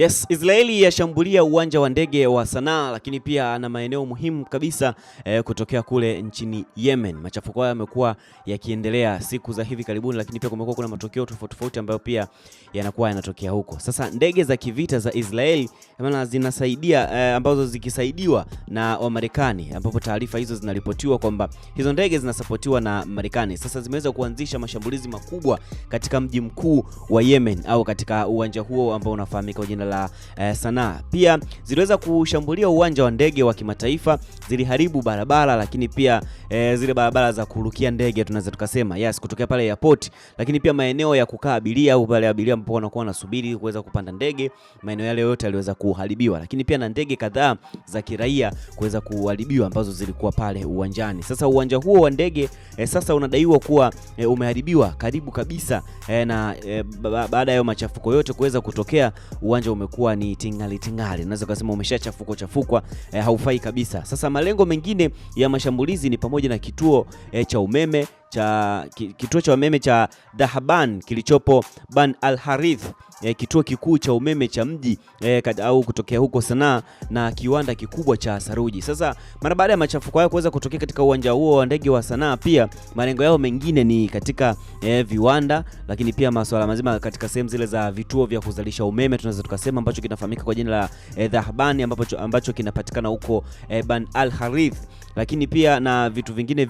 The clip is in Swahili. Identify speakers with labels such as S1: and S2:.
S1: Yes, Israeli yashambulia uwanja wa ndege wa Sanaa lakini pia na maeneo muhimu kabisa eh, kutokea kule nchini Yemen. Machafuko hayo yamekuwa yakiendelea siku za hivi karibuni, lakini pia kumekuwa kuna matokeo tofauti tofauti ambayo pia yanakuwa yanatokea huko. Sasa ndege za kivita za Israeli maana zinasaidia eh, ambazo zikisaidiwa na Wamarekani, ambapo taarifa hizo zinaripotiwa kwamba hizo ndege zinasapotiwa na Marekani, sasa zimeweza kuanzisha mashambulizi makubwa katika mji mkuu wa Yemen au katika uwanja huo ambao unafahamika kwa jina la eh, sanaa. Pia ziliweza kushambulia uwanja wa ndege wa kimataifa, ziliharibu barabara, lakini pia eh, zile barabara za kurukia ndege tunaweza tukasema yes, kutokea pale airport, lakini pia maeneo ya kukaa abiria au pale abiria ambao wanakuwa wanasubiri kuweza kupanda ndege, maeneo yale yote yaliweza kuharibiwa, lakini pia na ndege kadhaa za kiraia kuweza kuharibiwa ambazo zilikuwa pale uwanjani. Sasa uwanja huo wa ndege eh, sasa unadaiwa kuwa eh, umeharibiwa karibu kabisa eh, na eh, baada ya machafuko yote kuweza kutokea uwanja uwanja umekuwa ni tingali tingali, unaweza kusema umeshachafukwa chafukwa, eh, haufai kabisa. Sasa malengo mengine ya mashambulizi ni pamoja na kituo eh, cha umeme cha kituo cha umeme cha Dahaban kilichopo Ban Al Harith, eh, kituo kikuu cha umeme cha mji eh, au kutokea huko Sanaa na kiwanda kikubwa cha saruji. Sasa mara baada ya machafuko hayo kuweza kutokea katika uwanja huo wa ndege wa Sanaa, pia malengo yao mengine ni katika eh, viwanda, lakini pia masuala mazima katika sehemu zile za vituo vya kuzalisha umeme tunaweza tukasema, ambacho kinafahamika kwa jina la eh, Dahaban ambacho, ambacho kinapatikana huko eh, Ban Al Harith, lakini pia na vitu vingine